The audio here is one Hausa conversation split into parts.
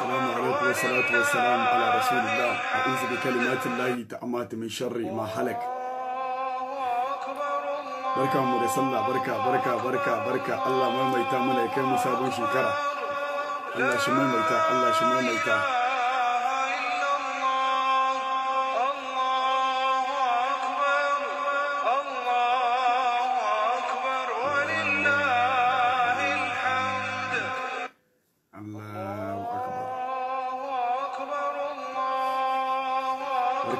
السلام عليكم والصلاة والسلام على رسول الله أعوذ بكلمات الله تأمات من شر ما حلك بركة مرسلة بركة بركة بركة بركة الله ما ميتا ملائكة مسابون شكرا الله شمال ميتا الله شمال ميتا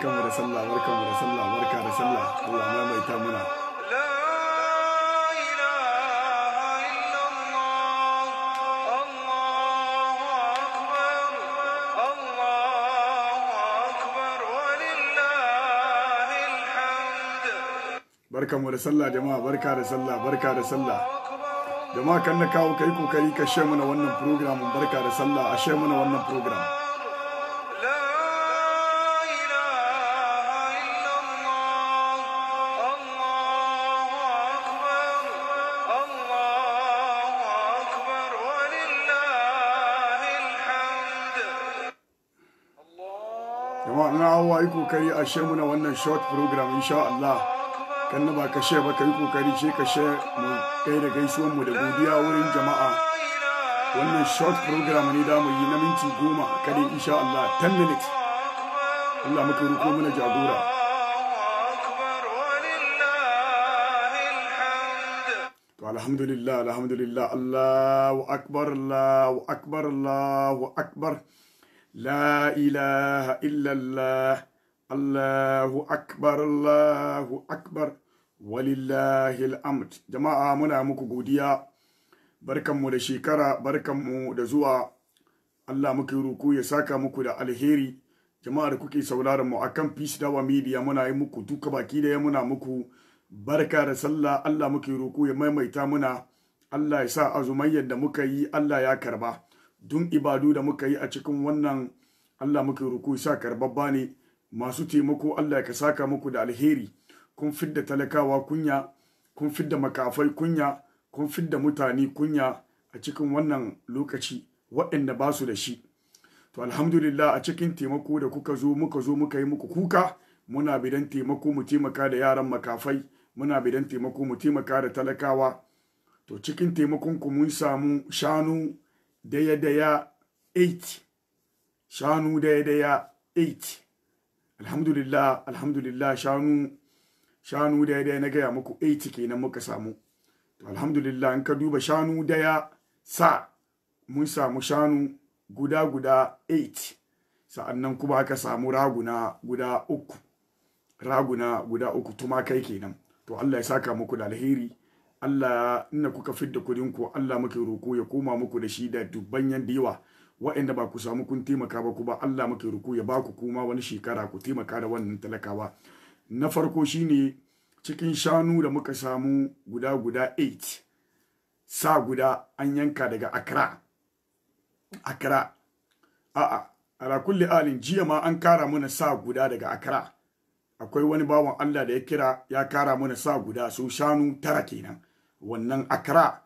barkanmu da sallah barkanmu da sallah barka da sallah Allah ta muna barkanmu da sallah jama'a barka da sallah barka da sallah jama'a kan na kawo kai kokari ka shemuna wannan program barka da sallah a shemuna wannan program a yi kokari a she muna wannan short program insha Allah kan ba ka she ba ka yi kokari she ka she mu kai da gaisuwan mu da godiya wurin jama'a wannan short program ne da mu yi na minti goma kare insha Allah 10 minutes Allah muka ruko mana jagora to alhamdulillah alhamdulillah Allahu akbar Allahu akbar Allahu akbar, Allahu akbar. لا إله إلا الله Allahu akbar Allahu akbar walillahi al'amd jama'a muna muku godiya barkanmu da shekara barkanmu da zuwa Allah muke ruku ya saka muku da alheri jama'a da kuke sauraron mu akan Peace Dawa Media muna yi muku duka baki da ya muna muku barka da sallah Allah muke ruku ya maimaita muna Allah ya sa azumayyar da muka yi Allah ya karba dun ibadu da muka yi a cikin wannan Allah muke ruku ya sa karbabba ne masu taimako Allah ka saka muku da alheri kun fidda talakawa kunya kun fidda makafai kunya kun fidda mutane kunya a cikin wannan lokaci waɗanda ba su da shi to alhamdulillah a cikin taimako da kuka zo muka zo muka yi muku kuka muna bidan taimako mu taimaka da yaran makafai muna bidan taimako mu taimaka da talakawa to cikin taimakon ku mun samu shanu daya daya 8 shanu daya daya 8 alhamdulillah alhamdulillah shanu shanu daya daya na gaya muku 80 kenan muka samu to alhamdulillah in ka duba shanu daya sa mun samu shanu guda guda 8 sa'annan kuma aka samu raguna guda uku raguna guda uku tuma kai kenan to Allah ya saka muku da alheri Allah inna kuka fidda kudin ku Allah muke roko ya koma muku da shi da dubban yan yawa wa'anda ba ku samu kun taimaka ba ku ba Allah muke ruku ya ba ku kuma wani shekara ku taimaka da wannan talakawa na farko shine cikin shanu da muka samu guda guda 8 sa guda an yanka daga Accra Accra a'a ala kulli alin jiya ma an kara mana sa guda daga Accra akwai wani bawan Allah da ya kira ya kara mana sa guda so shanu tara kenan wannan Accra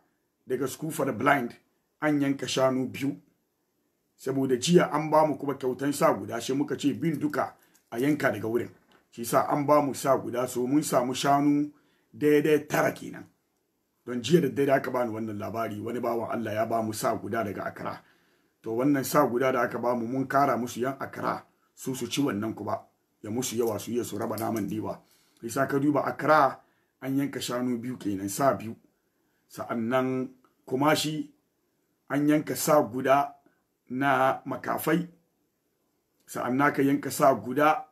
daga School for the Blind an yanka shanu biyu saboda jiya an ba mu kuma kyautan sa guda shi muka ce bin duka a yanka daga wurin shi sa an ba mu sa guda so mun samu shanu daidai tara kenan don jiya da daidai aka bani wannan labari wani bawan Allah ya ba mu sa guda daga akara to wannan sa guda da aka ba mu mun kara musu yan akara su su ci wannan kuma ya musu yawa su iya su raba naman diba sa ka duba akara an yanka shanu biyu kenan sa biyu sa'annan kuma shi an yanka sa guda na makafai sa'an naka yanka sa guda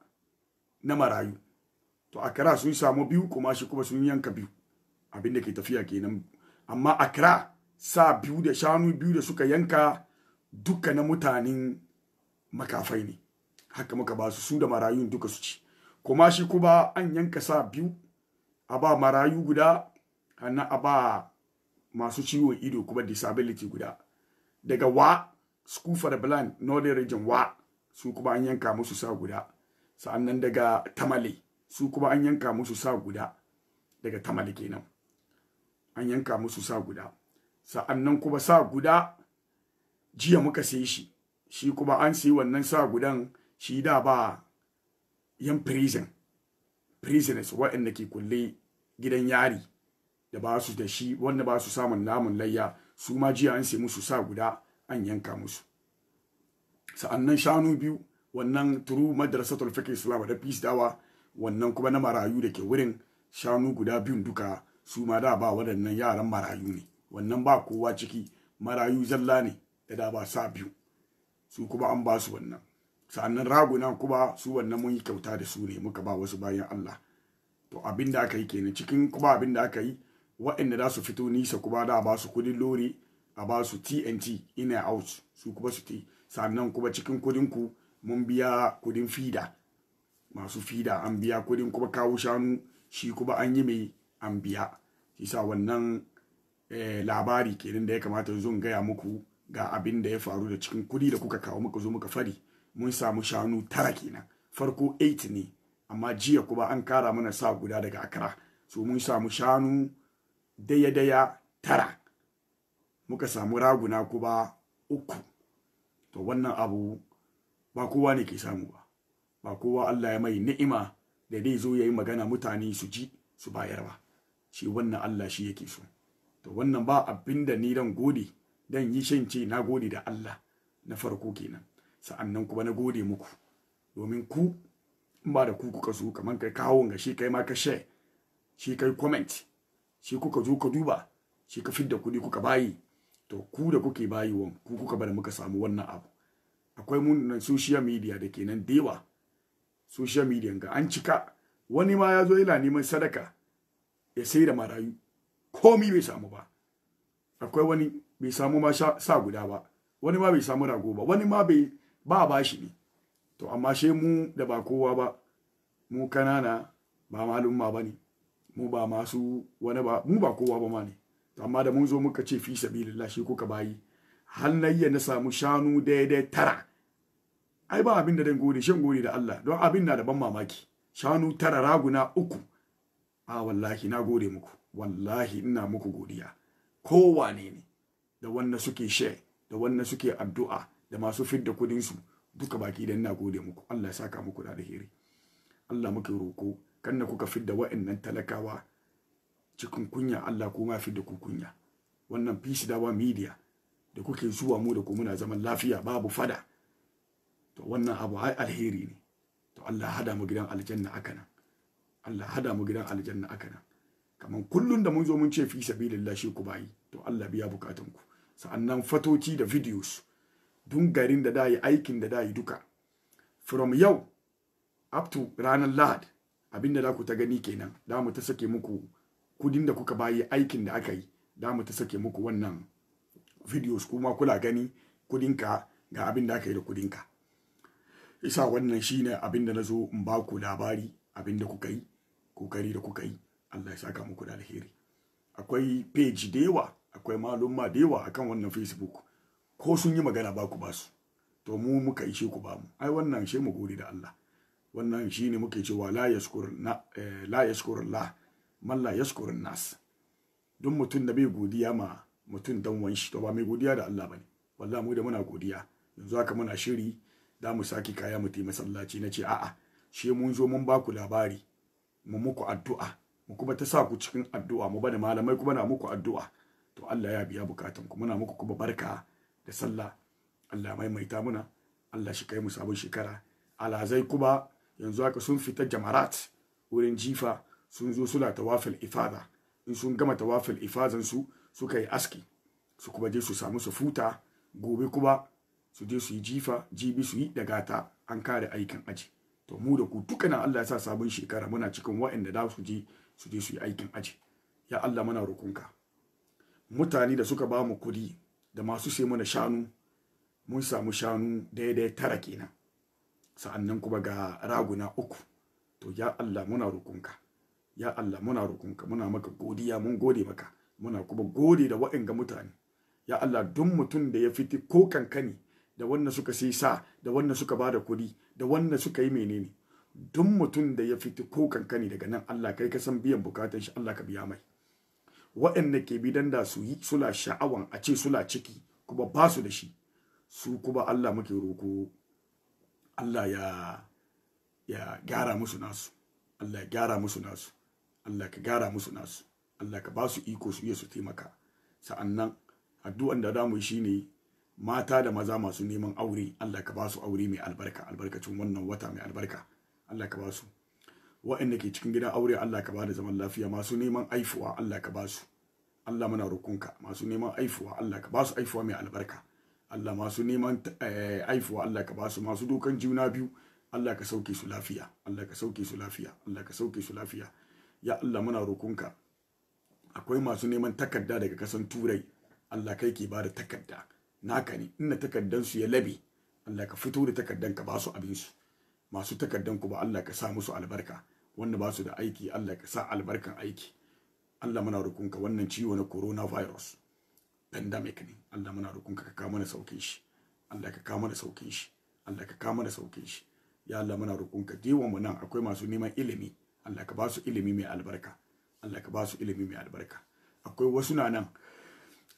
na marayu to akra sun samu biyu kuma shi kuma sun yanka biyu abinda ke tafiya kenan amma akra sa biyu da shanu biyu da suka yanka duka na mutanen makafai ne haka muka ba su su da marayun duka su ci kuma shi kuma an yanka sa biyu a ba marayu guda a ba masu ciwon ido kuma disability guda daga wa school for the blind northern region wa su kuma an yanka musu sa guda sa'annan daga tamale su kuma an yanka musu sa guda daga tamale kenan an yanka musu sa guda sa'annan kuma sa guda jiya muka sai shi shi kuma an sai wannan sa gudan shi da ba yan prison prisoners waɗanda ke kulle gidan yari da ba su da shi wanda ba su samun namun layya su ma jiya an sai musu sa guda an yanka musu sa'annan shanu biyu wannan turu madrasatul fiqh islam da peace dawa wannan kuma na marayu da ke wurin shanu guda biyun duka su ma da ba waɗannan yaran marayu ne wannan ba kowa ciki marayu zalla ne da da ba sa biyu su kuma an ba su wannan sa'annan raguna kuma su wannan mun yi kyauta da su ne muka ba wasu bayan Allah to abin da aka yi kenan cikin kuma abin da aka yi waɗanda za su fito nisa kuma da ba su kudin lori a ba su tnt ina out su kuma su ti sannan kuma cikin kudin ku mun biya kudin fida masu fida an biya kudin kuma kawo shanu shi kuma an yi mai an biya isa wannan eh, labari kenan da ya kamata zo gaya muku ga abin da ya faru da cikin kudi da kuka kawo muka zo muka fari mun samu shanu tara kenan farko 8 ne amma jiya kuma an kara mana sa guda daga akara so mun samu shanu daya-daya tara muka samu raguna kuma uku to wannan abu ba kowa ne ke samu ba ba kowa Allah ya mai ni'ima da dai zo yayi magana mutane su ji su bayar ba shi wannan Allah shi yake so to wannan ba abin da ni dan gode dan yi shance na gode da Allah na farko kenan sa'annan kuma na gode muku domin ku in ba da ku kuka so kaman kai kawo ga shi kai ma ka share shi kai comment shi kuka zo ka duba shi ka fidda kuɗi kuka bayi to ku da kuke bayiwa ku kuka bada muka samu wannan abu akwai mun social media da kenan dewa social media ga an cika wani ma ya zo yana neman sadaka ya sai da marayu komi bai samu ba akwai wani bai samu ma sa guda ba wani ma bai samu rago ba wani ma bai ba bashi ne to amma she mu da ba kowa ba mu kanana ba malumma ba ne mu ba masu wani ba mu ba kowa ba ma ne amma da mun zo muka ce fi sabilillah shi kuka bayi halayya na samu shanu daidai tara ai ba abin da dan gode shan gode da Allah don abin na da ban mamaki shanu tara raguna uku a wallahi na gode muku wallahi ina muku godiya kowane ne da wannan suke she da wannan suke addu'a da masu fidda kudin su duka baki dan na gode muku Allah ya saka muku da alheri Allah muke roko kanna kuka fidda wa'annan talakawa cikin kunya Allah ko ma da ku kunya wannan fishi dawa media da kuke zuwa mu da ku muna zaman lafiya babu fada to wannan abu ai alheri ne to Allah hada mu gidan aljanna aka nan Allah hada mu gidan aljanna aka nan kaman kullun da mun zo mun ce fi sabilillah shi ku bayi to Allah biya bukatun ku sa'annan fatoci da videos dun garin da dai aikin da dai duka from yau up to ranar lahad abinda da ku ta gani kenan da mu ta sake muku kudin da kuka bayi aikin da aka yi da mu ta sake muku wannan videos kuma kula gani kudinka ga abin da aka yi da kudinka isa wannan shi ne abin da na zo in ba ku labari abin da kuka yi kokari da kuka yi Allah ya saka muku da alheri akwai page da yawa akwai malumma da yawa akan wannan facebook ko sun yi magana ba ku ba su to mu muka ishe ku ba mu ai wannan shi mu gode da Allah wannan shi ne muke cewa la yaskur eh, la yaskur Allah malla yaskurin nas Don mutum da bai godiya ma mutum dan wanshi to ba mai godiya da Allah bane walla mu da muna godiya yanzu haka muna shiri da mu saki kaya mu taimaka masallaci na ce a'a she mun zo mun baku labari mu muku addu'a mu kuma ta sa ku cikin addu'a mu bada malamai kuma na muku addu'a to Allah ya biya bukatun ku muna muku kuma barka da sallah Allah maimaita muna Allah shi kai mu sabon shekara zai kuma yanzu haka sun fita jamarat wurin jifa sun zo suna tawafil ifada in sun gama tawafil ifazan su suka yi aski su kuma je su samu su futa gobe kuma su je su yi jifa jibi su yi daga ta an kare aikin aji to mu da ku dukkanin Allah ya sa sabon shekara muna cikin waɗanda da su je su je su yi aikin aji ya Allah muna roƙonka mutane da suka ba mu kuɗi da masu sai mana shanu mun samu shanu daidai tara kenan sa'annan kuma ga raguna uku to ya Allah muna rukunka ya Allah muna roƙonka muna maka godiya mun gode maka muna kuma gode da waɗanga mutane ya Allah duk mutum da ya fiti ko kankani da wanda suka sai sa da wanda suka bada kuɗi da wanda suka yi menene duk mutum da ya fiti ko kankani daga nan Allah kai ka san biyan bukatun shi Allah ka biya mai waɗanda ke bidan da su yi sula sha'awan a ce sula ciki kuma ba su da shi su kuma Allah muke roko Allah ya ya gyara musu nasu Allah ya gyara musu nasu Allah ka gara musu nasu Allah ka ba su iko su iya su taimaka sa'annan addu'an da za mu yi shine mata da maza masu neman aure Allah ka ba su aure mai albarka albarkacin wannan wata mai albarka Allah ka ba su wa'anda ke cikin gidan aure Allah ka ba da zaman lafiya masu neman aifuwa Allah ka ba su Allah muna rokonka. masu neman aifuwa Allah ka ba su aifuwa mai albarka Allah masu neman aifuwa Allah ka ba su masu dokan juna biyu Allah ka sauke su lafiya Allah ka sauke su lafiya Allah ka sauke su lafiya ya Allah muna roƙonka akwai masu neman takarda daga kasan turai Allah kai ke bada takarda naka ne inna takardan su ya labe Allah ka fito da takardan ka ba su abin su masu takardan ku ba Allah ka sa musu albarka wanda ba su da aiki Allah ka sa albarkan aiki Allah muna roƙonka wannan ciwo na corona virus pandemic ne Allah muna roƙonka ka kawo mana saukin shi Allah ka kawo mana saukin shi Allah ka kawo mana saukin shi ya Allah muna roƙonka diwa mu nan akwai masu neman ilimi Allah ka ba su ilimi mai albarka Allah ka ba su ilimi mai albarka akwai wasu na nan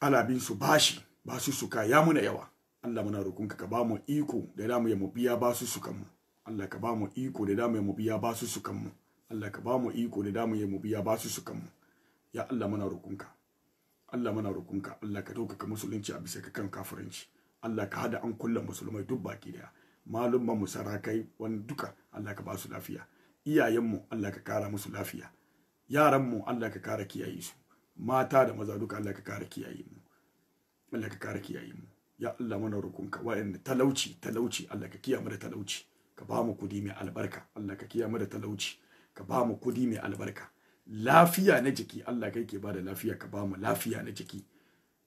alabin su bashi ba su suka ya muna yawa Allah muna roƙonka ka ba mu iko da damu ya mu biya ba su sukan mu Allah ka ba mu iko da damu ya mu biya ba su sukan mu Allah ka ba mu iko da damu ya mu biya ba su sukan mu ya Allah muna ka. Allah muna ka. Allah ka ka musulunci a bisa ka kan kafirinci Allah ka hada an kulla musulmai duk baki daya malum mu musarakai wani duka Allah ka ba su lafiya iyayenmu Allah ka kara musu lafiya yaranmu Allah ka kara kiyaye su mata da maza duka Allah ka kara kiyaye mu Allah ka kara kiyaye mu ya Allah mana rukunka wa'anda talauci talauci Allah ka kiyaye da talauci ka ba mu kudi mai albarka Allah ka kiyaye da talauci ka ba mu kudi mai albarka lafiya na jiki Allah kai ke bada lafiya ka ba mu lafiya na jiki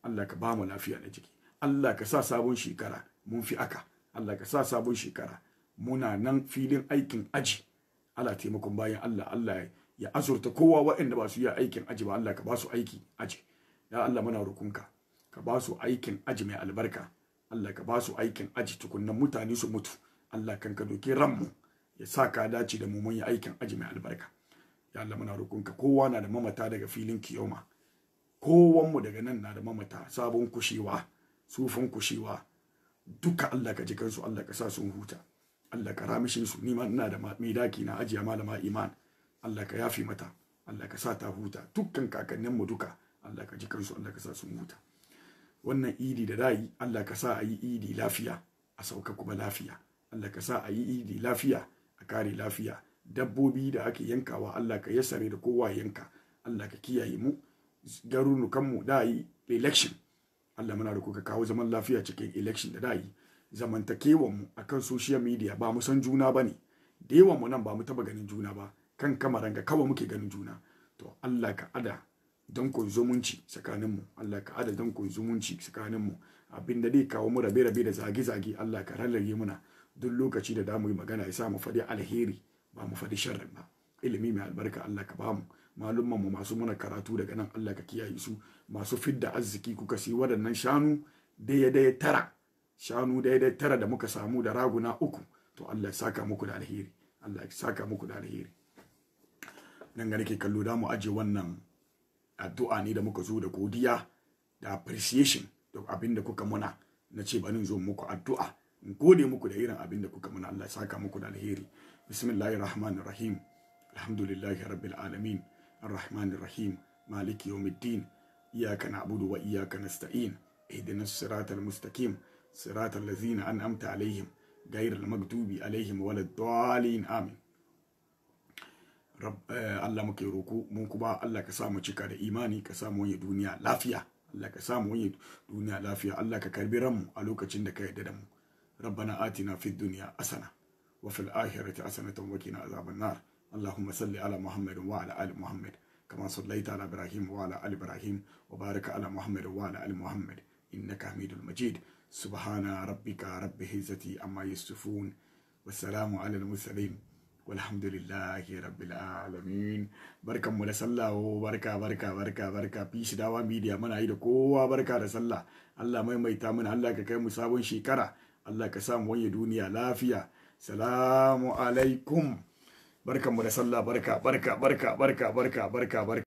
Allah ka ba mu lafiya na jiki Allah ka sa sabon shekara mun fi aka Allah ka sa sabon shekara muna nan filin aikin aji ala taimakon bayan Allah Allah ya azurta kowa waɗanda ba su yi aikin aji ba Allah ka ba su aiki aji ya Allah muna rukunka ka ba su aikin aji mai albarka Allah ka ba su aikin aji tukunnan mutane su mutu Allah kan ka doke mu ya sa ka dace da mu mun yi aikin aji mai albarka ya Allah muna rukunka kowa na da mamata daga filin kiyoma kowan mu daga nan na da mamata sabon kushewa sufin kushewa duka Allah ka ji kansu Allah ka sa sun huta Allah ka ramishin su ni ma ina da mai daki na ajiya malama iman Allah ka yafi mata Allah ka sa ta huta dukkan kakannin mu duka Allah ka ji kansu Allah ka sa sun huta wannan idi da dai Allah ka sa ayi idi lafiya a sauka kuma lafiya Allah ka sa ayi idi lafiya a kare lafiya dabbobi da ake yankawa Allah ka yassare da kowa yanka Allah ka kiyaye mu garunukan mu dai election Allah muna da kuka kawo zaman lafiya cikin election da dai zamantakewanmu a kan social media ba mu san juna ba ne da yawan mu nan ba mu taba ganin juna ba kan kamaran ga kawai muke ganin juna to Allah ka ada don ku zumunci tsakaninmu Allah ka ada don ku zumunci tsakaninmu abin da zai kawo mu rabe-rabe da zage-zage Allah ka rallaye muna duk lokaci da damu yi magana ya sa mu faɗi alheri ba mu faɗi sharrin ba ilimi mai albarka Allah ka bamu malumman mu masu muna karatu daga nan Allah ka kiyaye su masu fidda arziki kuka sai waɗannan shanu daya daya tara shanu daidai tara da muka samu da raguna uku to Allah ya saka muku da alheri Allah ya saka muku da alheri nan ga nake kallo da mu aje wannan addu'a ne da muka zo da godiya da appreciation da abin da kuka muna na ce banin zo muku addu'a in gode muku da irin abin da kuka muna Allah ya saka muku da alheri bismillahir rahmanir rahim alhamdulillahi rabbil alamin arrahmanir rahim maliki yawmiddin iyyaka na'budu wa iyyaka nasta'in ihdinas siratal mustaqim siratal lazina an'amta alaihim gairar magdubi alaihim wala dalin amin Allah muke roko mun kuma Allah ka samu cika da imani ka samu wani duniya lafiya Allah ka samu wani duniya lafiya Allah ka karbi ranmu a lokacin da ka yarda da mu rabbana atina fid dunya asana wa fil akhirati hasanatan wa qina azaban nar اللهم صل على محمد وعلى ال محمد كما صليت على ابراهيم وعلى ال ابراهيم وبارك على محمد وعلى ال محمد انك حميد مجيد subhana rabbika rabbil izzati amma yasifun wassalamu alal mursalin walhamdulillahi rabbil alamin barkan mu da sallah oh, barka barka barka barka fishi dawa media muna yi da kowa barka da sallah Allah maimaita mana Allah ka kai mu sabon shekara Allah ka sa mu wanye duniya lafiya salamu alaikum barkan mu da sallah barka barka barka barka barka barka barka